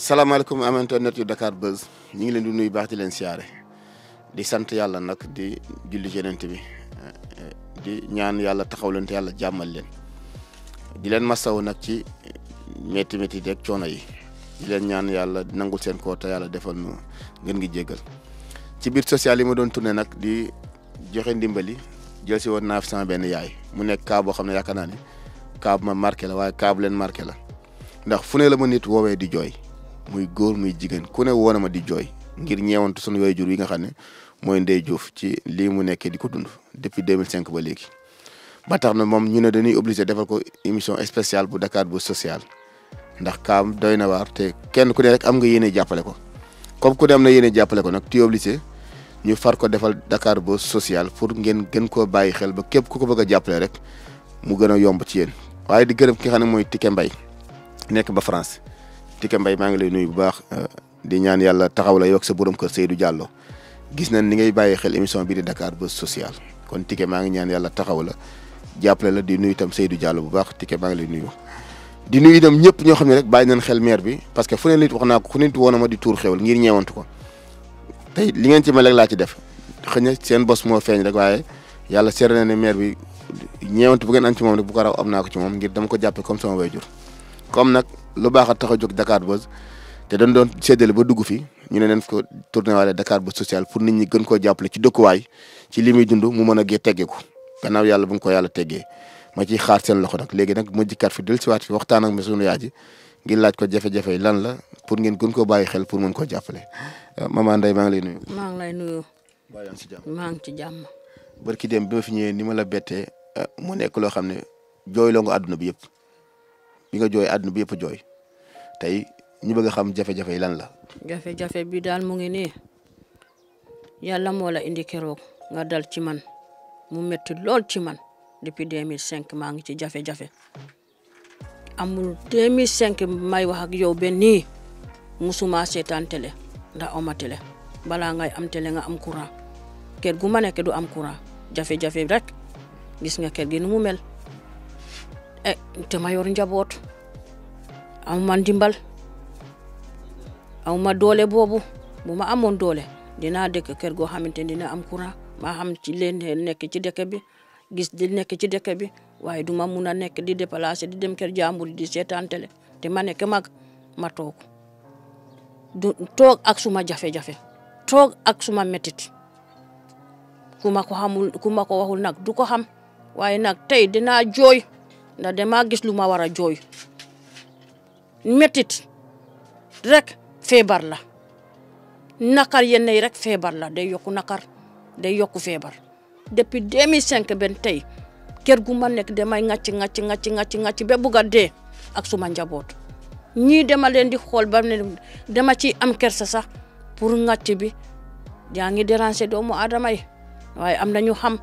salaamaaleykum am internet yu Dakar Buzz ñu ngi leen di nuy baax di leen siyaare di sant yàlla nag di julli jenent bi eh, di ñaan yàlla taxaw leen te yàlla jàmmal leen di leen masaw nag ci métti métti deeg coono yi di leen ñaan yàlla nangul seen koo yàlla defal nu ngeen ngi jégal ci biir social yi ma doon tourné nag di joxe ndimbali jël si woon naaf sama benn yaay mu nekk cas boo xam ne yaakaar naa ne cas ma marqué la waaye cas leen marqué la ndax fu ne la ma nit woowee di jooy muy góor muy jigéen ku ne woon ma di jooy ngir ñeewantu sunu yooy jur yi nga xam ne mooy Ndeye Diouf ci lii mu nekkee di ko dund depuis 2005 ba léegi. ba tax na moom ñu ne dañuy obliger defal ko émission spéciale bu Dakar bu social ndax kaam doy na waar te kenn ku ne rek am nga yéene jàppale ko comme ku ne am na yéene jàppale ko nag ti obligé ñu far ko defal Dakar bo social pour ngeen gën koo bàyyi xel ba képp ku ko bëgg a jàppale rek mu gën a yomb ci yéen waaye di gërëm ki xam ne mooy Tike nekk ba France. Tické mbay maa ngi lay nuyu bu baax euh, di ñaan yàlla taxaw la yokk sa borom kër Seydou jàllo gis na ni ngay bàyyi xel émission bi di Dakar Buzz Social kon Tické maa ngi ñaan yàlla taxaw la jàppale la di nuyu itam Seydou Diallo bu baax tike maa ngi lay nuyu. di nuyu itam ñëpp ñoo xam ne rek bàyyi nañ xel maire bi parce que fu ne nit wax naa ko fu ne nit woon na di tuur xewal ngir ñeewantu ko tey li ngeen ci mel rek laa ci def xëy na seen bos moo feeñ rek waaye yàlla seere na ne maire bi ñeewantu bu ngeen moom rek bu ko raw am naa ko ci moom ngir dama ko jàppe comme sama waajur comme lu baax a tax a jóg Dakar Buzz te dañ doon séddale ba dugg fi ñu ne leen ko tourné waale Dakar Buzz social pour nit ñi gën koo jàppale ci dëkkuwaay ci li muy dund mu mën a gee teggeeku gannaaw yàlla bu nga ko yàlla teggee ma ciy xaar seen loxo nag léegi nag ma jikkaat si waat fi waxtaan ak ma sunu yaay ji laaj ko jafe-jafe lan la pour ngeen gën koo bàyyi xel pour mën koo jàppale euh, maman Ndeye maa ngi lay nuyu. maa ngi lay nuyu. maa ngi ci jàmm. ki dem bi ma fi ñëwee ni ma la bettee euh, mu nekk loo xam ne jooyloo àdduna bi yëpp bi nga jooy àdduna bi yëpp jooy tey ñu bëgg a xam jafe-jafe yi lan la. jafe-jafe bi daal mu ngi nii yàlla mola la indi keroog nga dal ci man mu metti lool ci man depuis 2005 maa ngi ci jafe-jafe amul 2005 may wax ak yow benn nii musuma seetaan télé ndax oma télé balaa ngay am télé nga am courant kër gu ma nekk du am courant jafe-jafe rek gis nga kër gi nu mel. Eh, e dama yor njaboot amuma ndimbal ma doole boobu bu ma amoon doole dinaa dëkk kër goo xamante dina am courant maa xam ci leen nekk ci dëkk bi gis di nekk ci dëkk bi waaye duma mun a nekk di déplacer di dem kër jàmbur di seetaan télé te ma nekk mag ma toog du toog ak jafe-jafe toog ak suma métit ku ma ko xamul ku ma ko waxul nag du ko xam nag tey dinaa jooy ndax damaa gis lu ma war a jooy metit rek feebar la nakar yenn rek feebar la day yokku nakar day yokku feebar depuis 2005 ben tey kër gu ma nekk damay ŋàcc ŋàcc ŋàcc ŋàcc ŋàcc ba bugg a dee ak suma njaboot ñii dama leen di xool ba ne dama ci am kersa sax pour ŋàcc bi yaa ngi déranger doomu aadama yi waaye am na ñu xam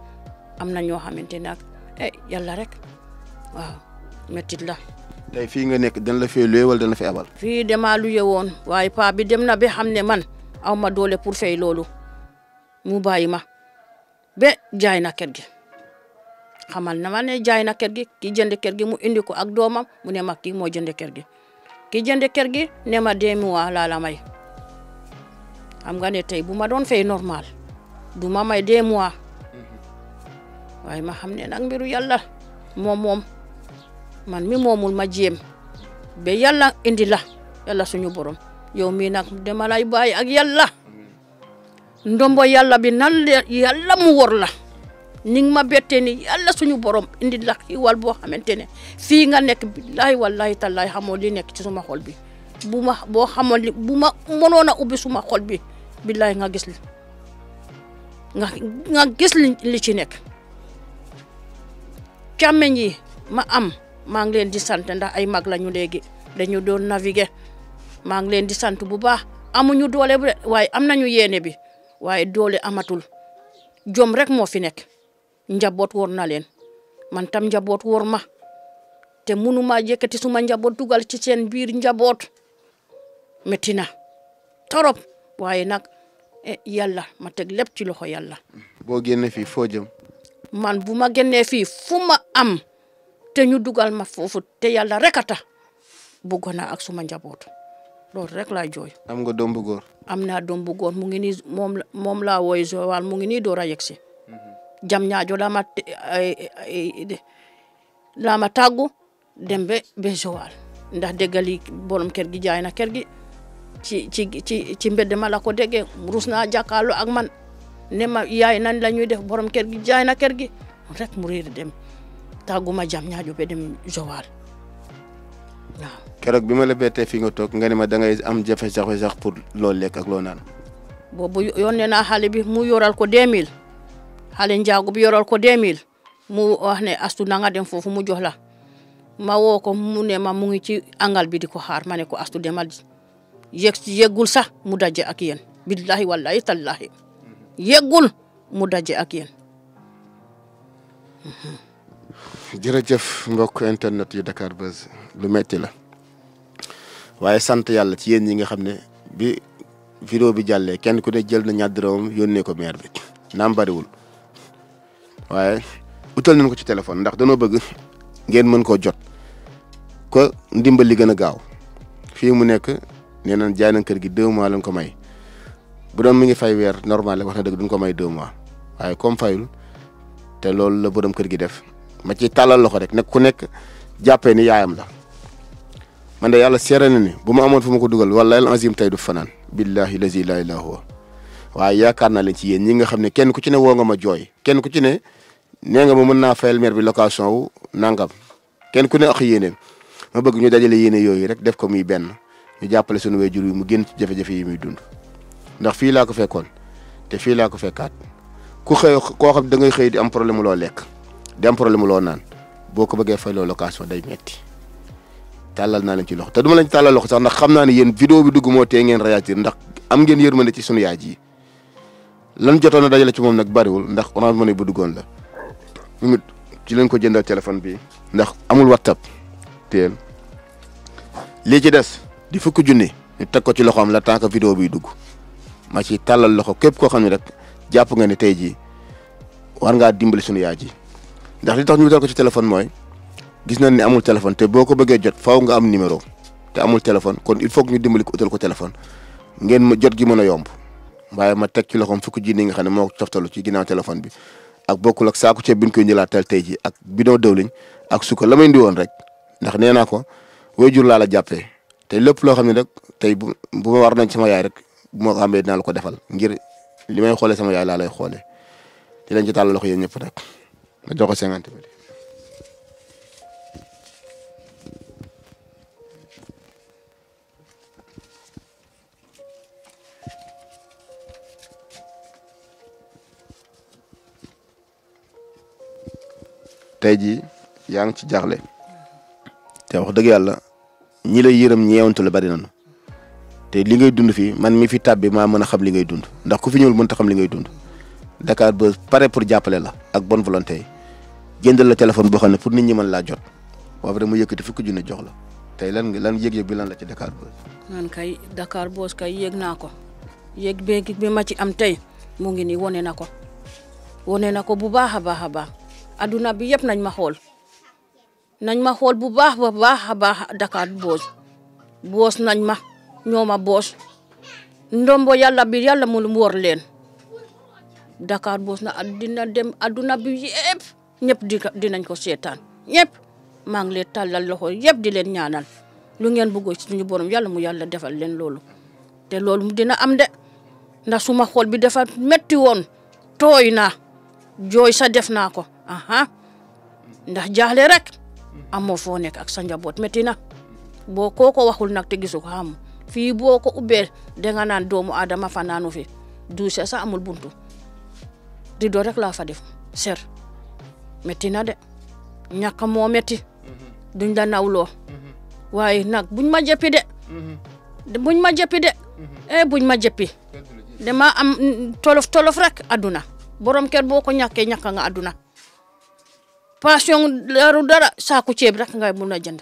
am na ñoo xamante ne ak eh rek. waaw méttit la. tey fii nga nekk dana la fee luye wala dana fi abal. fii damaa luye woon waaye paa bi dem na ba xam ne man a ma doole pour fay loolu mu bayi ma ba jaay na kër gi xamal na ma ne jaay na kër gi ki jënd kër gi mu indi ko ak doomam mu ne ma kii moo jënd kër gi ki jënd kër gi ne ma deux laa la may xam nga ne tey bu ma doon fay normal du may deux mois mhm. ma xam ne nag mbiru yàlla moom man mi moomul ma jéem ba yàlla indi la yàlla suñu borom yow mii nag dama lay bàyyi ak yàlla ndombo yàlla bi nan la mu wor la ni nga ma bette ni yàlla suñu borom indi la xiiwal boo xamante ne fii nga nekk billahi wallahi tallahi xamoo li nekk ci suma xol bi bu ma boo xamoon bu ma mënoon a ubbi suma xol bi billahi nga gis li nga nga gis li ci nekk càmmeñ yi ma am maa ngi leen di sant ndax ay mag lañu léegi dañu doon naviguer maa ngi leen di sant bu baax amuñu doole am nañu yéene bi waaye doole amatul joom rek moo fi nekk njaboot wor na leen man tam njaboot wor ma te mënumaa yëkkati suma njaboot dugal ci seen biir njaboot métti na torop waaye nag eh, yàlla ma teg lépp ci loxo yàlla. boo génnee fii foo jëm. man bu ma fii fu am te ñu dugal ma foofu te yàlla rek a tax bëggoon naa ak suma njaboot loolu rek laa jooy. am nga doom bu góor. am naa doom bu góor mu ngi nii moom moom laa wooy Joal mu ngi nii door a yegg si. jam ñaajo laa ma laa ma tàggu dem ba ba ndax déggali borom kër gi jaay na kër gi ci ci ci ci ma la ko déggee rus naa jàkkaarloo ak man ne ma yaay nan la ñuy def borom kër gi jaay na kër gi rek mu réer dem. tàgguma jam ñaajo ba dem Joal keroog bi ma la bettee fi nga toog nga ne ma da am jafe-jafe sax pour loo lekk ak loo naan. boobu yónnee na xale bi mu yoral ko 2000 xale njaagu bi yoral ko 2000 mu wax ne astu na dem foofu mu jox la ma woo ko mu ne ma mu ngi ci angal bi di ko xaar ma ne ko astu demal yegg yeggul sax mu daje ak yéen billahi wallahi tallahi yeggul mu daje ak yéen. jërëjëf mbokk internet yu Dakar Buzz lu metti la waaye sant yàlla ci yéen ñi nga xam ne bi vidéo bi jàllee kenn ku ne jël na ñaar dërëmam yónnee ko maire bi naam bariwul waaye utal nañ ko ci téléphone ndax danoo bëgg ngeen mën koo jot ko ndimbal li gën a gaaw fii mu nekk nee nañ jaay kër gi deux mois lañ ko may bu doon mi ngi fay weer normal wax na dëgg duñ ko may deux waaye comme fayul te loolu la borom kër gi def. ma ciy tàllal loxo rek nekk ku nekk jàppee ni yaayam la man de yàlla seere na ni bu mu amoon fu ma ko dugal wala al azim tey du fanaan billahi lazi la ilaha huwa waaye yaakaar naa leen ci yéen ñi nga xam ne kenn ku ci ne woo nga ma jooy kenn ku ci ne nee nga ma mën naa fayal maire bi location wu nangam kenn ku ne ak yéeneem ma bëgg ñu dajale yéene yooyu rek def ko muy benn ñu jàppale sunu waajur yi mu génn ci jafe-jafe yi muy dund ndax fii laa ko fekkoon te fii laa ko fekkaat ku xëy koo da ngay xëy di am problème loo lekk dem problème loo naan boo ko bëggee fay loo location day metti tàllal naa leen ci loxo te duma lañ ci tàllal loxo sax ndax xam naa ni yéen vidéo bi dugg moo tee ngeen réagir ndax am ngeen yërmande ci sunu yaay ji lan jotoon na dajale ci moom nag bariwul ndax orange money bu duggoon la ko jëndal téléphone bi ndax amul whatsapp ci des di fukki junni teg ko ci loxoom la tant que vidéo biy dugg ma ci tàllal loxo képp koo xam ne rek jàpp nga ne tey jii war ngaa dimbali sunu yaay ji ndax li tax ñu wutal ko ci téléphone mooy gis nañ ni amul téléphone te boo ko bëggee jot faaw nga am numéro te amul téléphone kon il faut ñu dimbali ko ko téléphone ngeen ma jot gi mën a yomb waaye ma teg ci loxoom fukki junni nga xam ne moo ko toftalu ci ginnaaw téléphone bi ak bokkul ak saako ceeb bi ñu koy njëlaatal tey ji ak bidon dëwliñ ak su ko la indi woon rek ndax nee naa ko waajur laa la jàppe tey lépp loo xam ne rek tey bu bu ma war nañ sama yaay rek bu ma ko la ko defal ngir li may xoolee sama yaay lay xoolee di lañ ci tàll loxo yéen ñëpp rek. nga jox ko cinquante mille tey jii yaa ngi ci jaaxle te wax dëgg yàlla ñi la yërëm ñeewantu la bari nañu te li ngay dund fii man mi fi tàbbi maa mën a xam li ngay dund ndax ku fi ñëwul mënta xam li ngay dund Dakar ba pare pour jàppale la ak bonne volonté jëndal la téléphone boo xam ne pour nit ñi mën laa jot waaw vraiment mu yëkkati fukki junne jox la tey lan lan yëg-yëg bi lan la ci Dakar Buzz. kay dakaar boos kay yëg naa ko yëg beeg bi ma ci am tey mu ngi ni wone na ko wone na ko bu baax a baax a baax adduna bi yëpp nañ ma xool nañ ma xool bu baax ba baax a baax Dakar Buzz boos nañ ma ñoo ma boos ndombo yàlla bi yàlla mu wor leen dakaar boos na addina dem adduna bi yëpp. ñëpp di dinañ ko seetaan ñëpp maa ngi leen tàllal loxo yëpp di leen ñaanal lu ngeen bëggoo ci suñu borom yàlla mu yàlla defal leen loolu te loolu mu dina am de ndax suma xol bi dafa metti woon tooy naa jooy sa def naa ko aha ndax jaaxle rek amoo foo nekk ak sa njaboot metti na boo ko ko waxul nag te gisu ko xam fii boo ko ubbee danga naan doomu aadama fanaanu fi duuse sax amul buntu rido rek laa fa def ser métti na de ñàkk moo métti duñ la nawloo waaye nag buñ ma jëppi de buñ ma jëppi de eh buñ ma jëppi dama am tolof tolof rek adduna borom kër boo ko ñàkkee ñàkk nga adduna passion daru dara saaku ceeb rek nga mun a jënd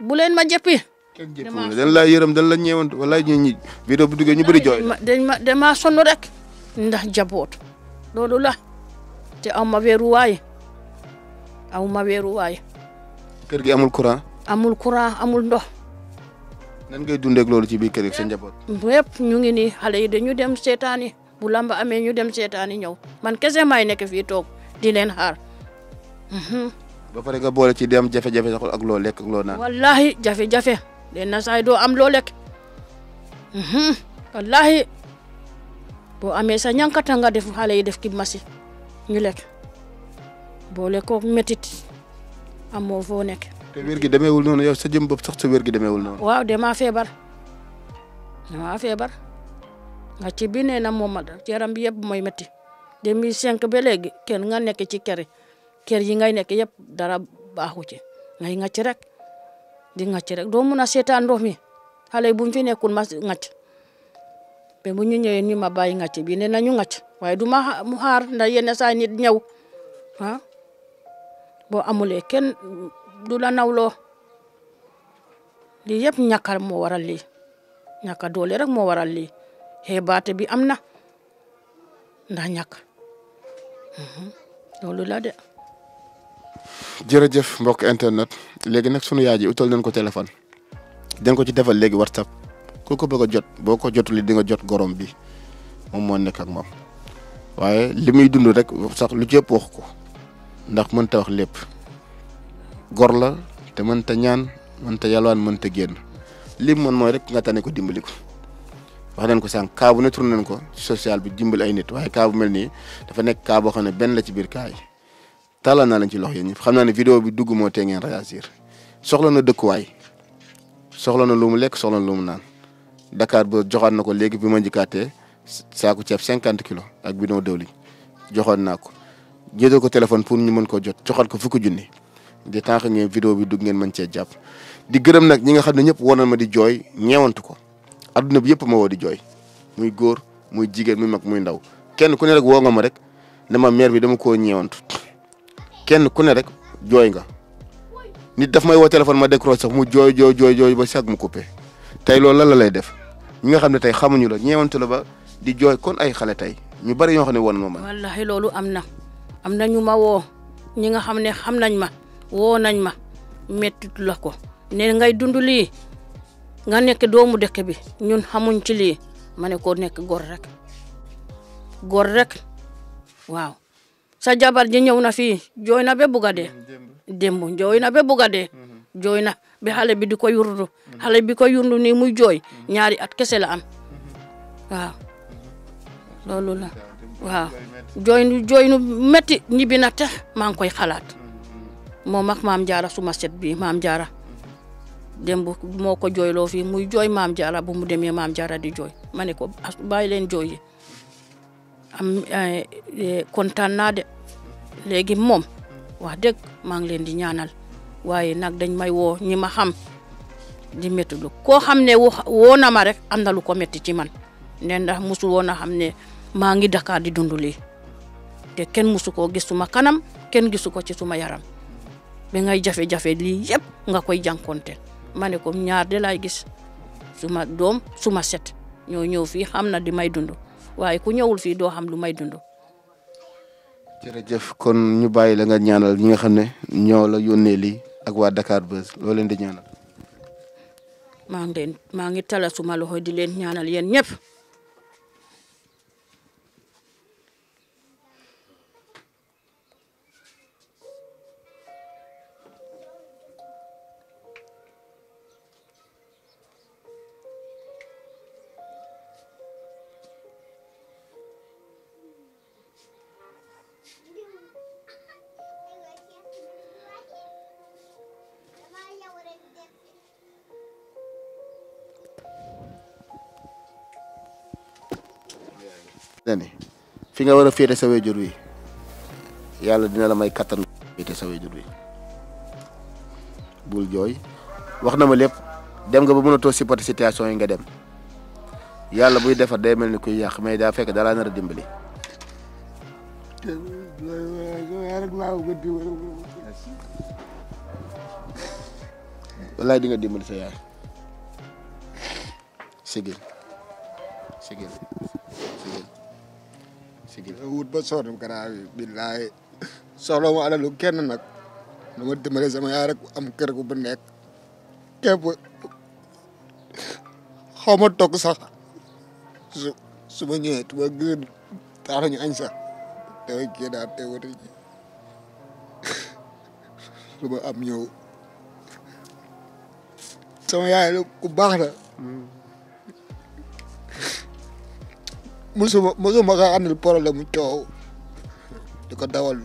bu leen ma jëppi dañ laa yërëm dañ la ñeewant wala ñu ñi vidéo bu ñu bëri jooy dañ ma damaa sonn rek ndax jaboot loolu la te aw ma weeruwaay aw ma weeruwaay. kër gi amul courant. amul courant amul ndox. nan ngay dundeeg loolu ci biir kër gi sa njaboot. yëpp ñu ngi nii xale yi dañu dem seetaani bu lamb amee ñu dem seetaani ñëw man kese maay nekk fii toog di leen xaar. Mhm. ba pare nga ci dem jafe-jafe sax ak loo lekk ak loo naan. jafe-jafe leen doo am loo lekk. Mhm. wallaahi boo amee sa ñànkata nga def xale yi def ki masi ñu lekk boole kook métit amoo foo nekk. te wér gi demeewul noonu yow sa jëm bopp sax sa wér gi demeewul noonu. waaw damaa feebar damaa feebar nga ci bi nee na moom ma yaram bi yëpp mooy métti 2005 ba léegi kenn nga nekk ci kër kër yi ngay nekk yëpp dara baaxu ci ngay ngacc rek di ngacc rek doo mun a seetaan ndox mi xale buñ fi nekkul ma ngacc mais bu ñu ñëwee ñu ma bàyyi ngacc bi nee na ñu ngacc. waaye du ma mu xaar nda yenn saa nit ñëw boo amulee kenn du la nawloo lii yëpp ñàkk moo waral lii ñàkk doole rek moo waral lii baate bi am na ndax ñàkk mhm. loolu la de. jërëjëf mbokk internet léegi nag sunu yaay ji utal nañ ko téléphone dañ ko ci defal léegi WhatsApp ku ko bëgg a jot boo ko jotul di nga jot gorom bi moom moo nekk ak moom. waaye li muy dund rek sax lu ci wax ko ndax mënta wax lépp gor la te mënta ñaan mënta yalwaan mënta génn lim man mooy rek nga tane ko dimbali wax nañ ko sànq kaa bu nañ ko social bi dimbali nit waaye kaa bu mel nii dafa nekk kaa boo xam ne benn la ci biir kaa yi naa lañ ci loxo yéen xam naa ne vidéo bi dugg moo tee ngeen soxla na dëkkuwaay soxla na lu mu lekk soxla na lu mu naan dakaar ba joxaat na ko léegi bi ma njëkkaatee saako ceeb cinquante kilos ak bidon diwlin joxoon naa ko jëndoo ko téléphone pour ñu mën koo jot joxal ko fukk junni de tant que ngeen vidéo bi dugg ngeen mañ cee jàpp di gërëm nag ñi nga xam ne ñëpp woon na ma di jooy ñeewantu ko adduna bi yëpp ma woo di jooy muy góor muy jigéen muy mag muy ndaw kenn ku ne rek woo nga ma rek ne ma mère dama koo ñeewantu kenn ku ne rek jooy nga nit daf may woo téléphone ma décroche sax mu jooy jooy jooy jooy ba sag mu coupé tey lool lan la lay def ñi nga xam ne tey xamuñu la la di jooy kon ay xale ñu bari ñoo xam ne woon ma man. wallaahi loolu am na am na ñu ma woo ñi nga xam ne xam nañ ma woo nañ ma mettit la ko ne ngay dund lii nga nekk doomu dëkk bi ñun xamuñ ci lii ma ne ko nekk gor rek gor rek waaw sa jabar ji ñëw na fi jooy na ba bugg a dee jooy na ba bugg a jooy na ba xale bi di ko yurdu xale bi ko yurdu nii muy jooy mm-hmm. ñaari at kese la am mm-hmm. waaw loolu la waaw jooy nu jooy nu métti ñibbi na te maa ngi koy xalaat moom ak maam jaara su ma set bii maam jaara démb moo ko jooyloo fii muy jooy maam jaara bu mu demee maam jaara di jooy ma ne ko bàyyi leen jooy yi am eh, eh, kontaan naa de léegi moom wax dëgg maa ngi leen di ñaanal waaye nag dañ may woo ñi xam di métti lu koo xam ne woo na ma rek am na lu ko metti ci man ne ndax musul woon xam ne maa ngi Dakar di dund lii te kenn musu koo gis suma kanam kenn gisu ko ci suma yaram ba ngay jafe-jafe lii yëpp nga koy jànkoonte ma ne ko ñaar de laay gis suma doom suma set ñoo ñëw fii xam na di may dundu waaye ku ñëwul fii doo xam lu may dund. jërëjëf kon ñu bàyyi la nga ñaanal ñi nga xam ne ñoo la lii ak waa Dakar loo leen di ñaanal. maa ngi leen maa ngi tala suma loxo di leen ñaanal yéen ñëpp. fi nga war a féete sa wéjur wi yàlla dina la may kattan féete sa wéjur wi bul jooy wax na ma lépp dem nga ba a mënatoo supporter situation yi nga dem yàlla buy defar day mel ni kuy yàq mais daa fekk dalaa nar a dimbali. di nga dimbali sa yaay sigil sigil wut ba sonn garaaw yi billaay soxla ma kenn nag dama dimbale yaay rek am kër gu bu nekk képp xaw ma togg sax suma su ma ñëwee tu ma gën tax nañu añ sax damay te wute ji lu am ñëw sama yaay lu ku baax la hmm. musuma musuma kaa andil problème mu coow di ko dawal.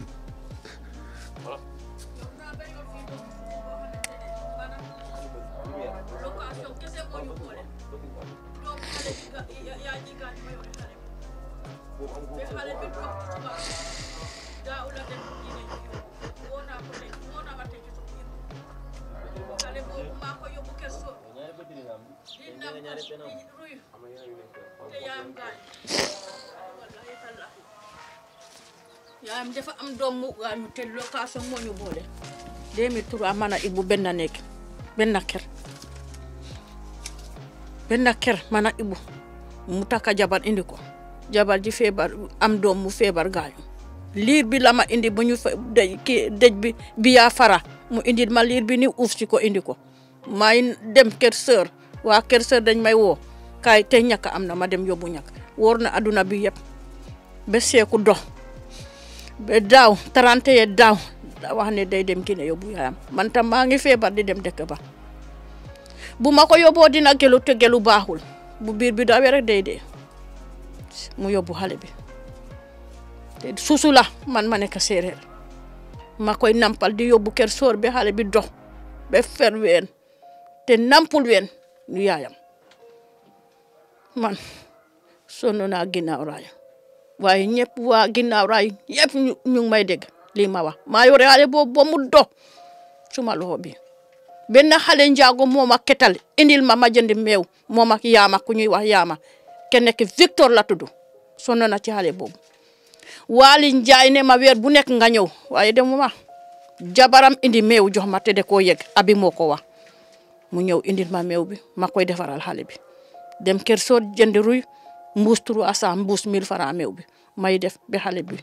yaayam dafa am doom mu gaañu te location moo ñu boole 2003 man ak Ibou benn nekk benn kër benn kër man ak Ibou mu takka jabar indi ko jabar ji feebar am doom mu feebar gaañu liir bi ma indi bu ñu dej bi bi fara mu indi ma liir bi ni uuf si ko indi ko may dem kër sœur waa Kër Sër dañ may woo kaay tey ñàkk am na ma dem yóbbu ñak wóor na adduna bi yëpp ba seeku do ba daaw tarante ye daaw wax ne day dem Guinée yóbbu yaayam man tam maa ngi feebar di dem dëkk ba bu ma ko yóbboo dina gelu te gelu baaxul bu biir bi dawee rek day mu yóbbu xale bi te man ma nekk séeréer ma koy nampal di yóbbu kër soor xale bi dox ba fer ween te nampul ween du yaayam man sonn naa waaye ñëpp waa ginnaaw raay ñëpp may dégg lii ma wax maa yore xale boobu ba mu do suma loxo bi benn xale njaago moom ketal indil ma ma jënd meew moom yaama ku ñuy wax yaama kenn ki Victor la tudd ci xale boobu waali njaay ne ma weer bu nekk nga ñëw waaye demuma jabaram indi meew jox ma te de koo abi moo wax mu ñëw indil ma meew bi ma koy defaral xale bi dem kër soo jënd ruy mbuus turu asaa mbuus mille meew bi may def ba xale bi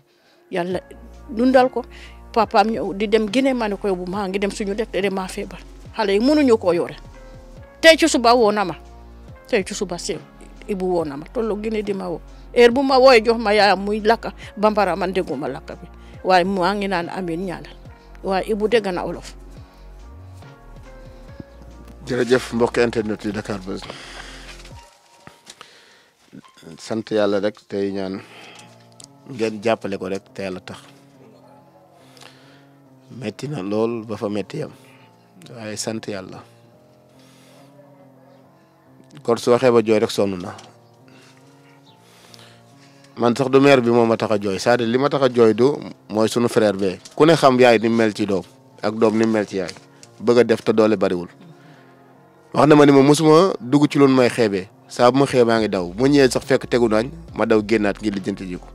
yàlla dundal ko papaam ñëw di dem Guinée ma ne ko bu maa ngi dem suñu def te maa xale yi mënuñu koo yore tey ci suba woo na ma tey suba sew ibu woo na ma tollu Guinée di ma woo bu ma wooyee jox ma yaayam muy lakka bambara man dégguma lakka bi waaye maa ngi naan amiin ñaanal waaye ibu dégg na olof. jërëjëf mbokk internet yi Dakar Buzz sant yàlla rek tey ñaan ngeen jàppale ko rek te yàlla tax metti na lool ba fa metti yam waaye sant yàlla kon su waxee ba jooy rek sonn na man sax du maire bi moom ma tax a jooy c'est-à-dire li ma tax a jooy du mooy sunu frère be ku ne xam yaay ni mel ci doom ak doom ni mel yaay bëgg a def te doole bariwul wax na ma ni ma mosuma dugg ci loonu may xeebe saa bu ma xeebee maa ngi daw bu ma ñëwee sax fekk tegu nañ ma daw génnaat ngi lijjanti ji ko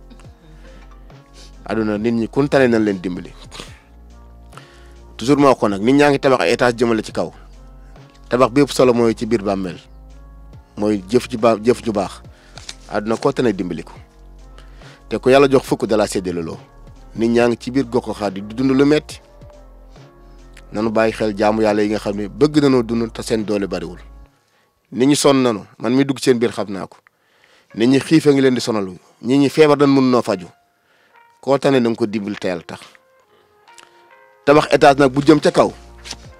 aduna nit ñi kun tane nañ leen dimbali toujours moo ko nag nit ñaa ngi tabax ay étage jëmale ci kaw tabax bi bépp solo mooy ci biir bàmmeel mooy jëf ju baax jëf ju baax aduna koo tane dimbali ko te ku yàlla jox fukk dala séddale loo nit ñaa ngi ci biir gox xaar di dund lu metti nanu bàyyi xel jaamu yàlla yi nga xam ne bëgg nanoo dund ta seen doole bariwul nit ñi sonn nanu man mi dugg seen biir xam naa ko nit ñi xiif a ngi leen di sonal nit ñi feebar dañ mun noo faju koo tane da nga ko dimbali teel tax tabax étage nag bu jëm ca kaw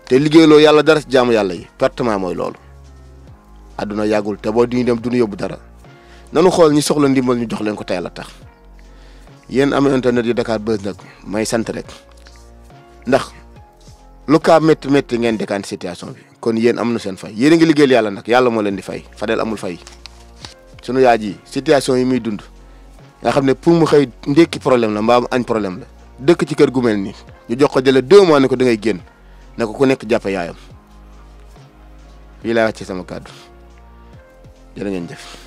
te liggéeyloo yàlla dara ci jaamu yàlla yi pertement mooy loolu àdduna yàggul te boo duñu dem duñu yóbbu dara nanu xool ñi soxla ndimbal ñu jox leen ko teel a tax yéen am internet yu Dakar Buzz nag may sant rek lu kaa métti métti ngeen décanté situation bi kon yéen am na seen fay yéen a ngi liggéeyal yàlla nag yàlla moo leen di fay Fadel amul fay sunu yaay ji situation yi muy dund nga xam ne pour mu xëy ndékki problème la mbaam añ problème la dëkk ci kër gu mel nii ñu jox ko délai deux mois ne ko da ngay génn ne ko ku nekk jàppe yaayam lii laa wax ci sama kàddu jërë ngeen